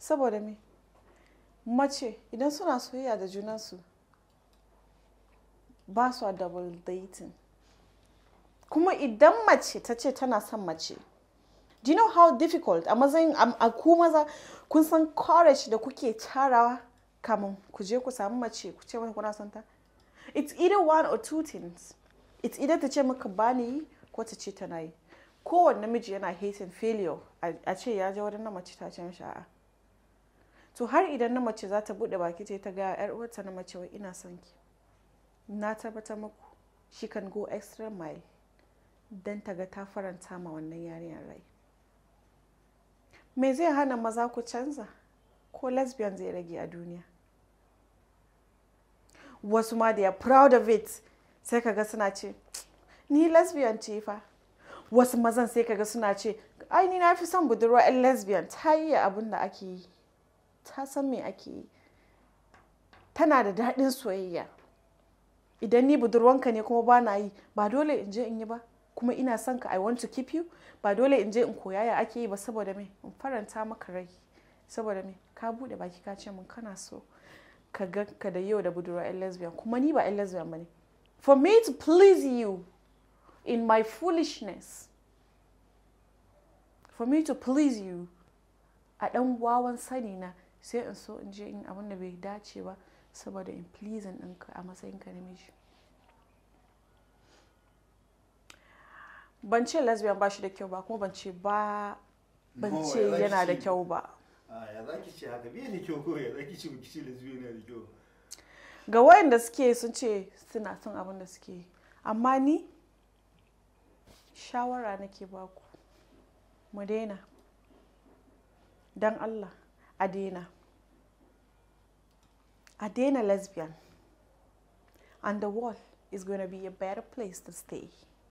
saboda me mace idan suna soyayya da junansu ba su a double dating kuma idan mace ta ce tana son mace do you know how difficult a matsayin a ku maza kun san courage da kuke tarawa kamun ku je ku samu mace ku ce mata kuna son ta it's either one or two things it's either ta ce maka bani yi ko ta ce tana yi kowane namiji yana hating failure a ce ya je wadannan mace ta ce mishi a'a to har idan na mace za ta buɗe baki ce ta ga yar uwarta na mace wai ina son ki na tabbatar muku she can go extra mile don ta ga ta faranta ma wannan yarinyar rai me zai hana maza ku canza ko lesbian zai rage a duniya wasu ma da ya proud of it sai kaga suna ce ni lesbian ce fa wasu mazan sai kaga suna ce ai ni na fi son budurwa 'yan lesbian ta yi abin da ake yi ta san me ake yi tana da daɗin soyayya idan ni budurwanka ne kuma ba na yi ba dole in je in yi ba kuma ina son ka i want to keep you ba dole in je in koya ya ake yi ba saboda me in faranta maka rai saboda me ka bude baki ka ce min kana so ka ga ka da yau da budurwa yan lesbian kuma ni ba yan lesbian bane for me to please you in my foolishness for me to please you a dan wawan sani na sai in so in je in abin da bai dace ba saboda in pleasing ɗinka a matsayinka na miji ban ce lesbian ba shi da kyau ba kuma ban ce ba ban ce yana da kyau ba ya za ki ce haka biya da kyau ko ya za ki ce ki ce lesbian yana da kyau ga wayanda suke sun ce suna son abin da suke amma ni shawara nake baku mu daina don Allah a daina lesbian and the world is going to be a better place to stay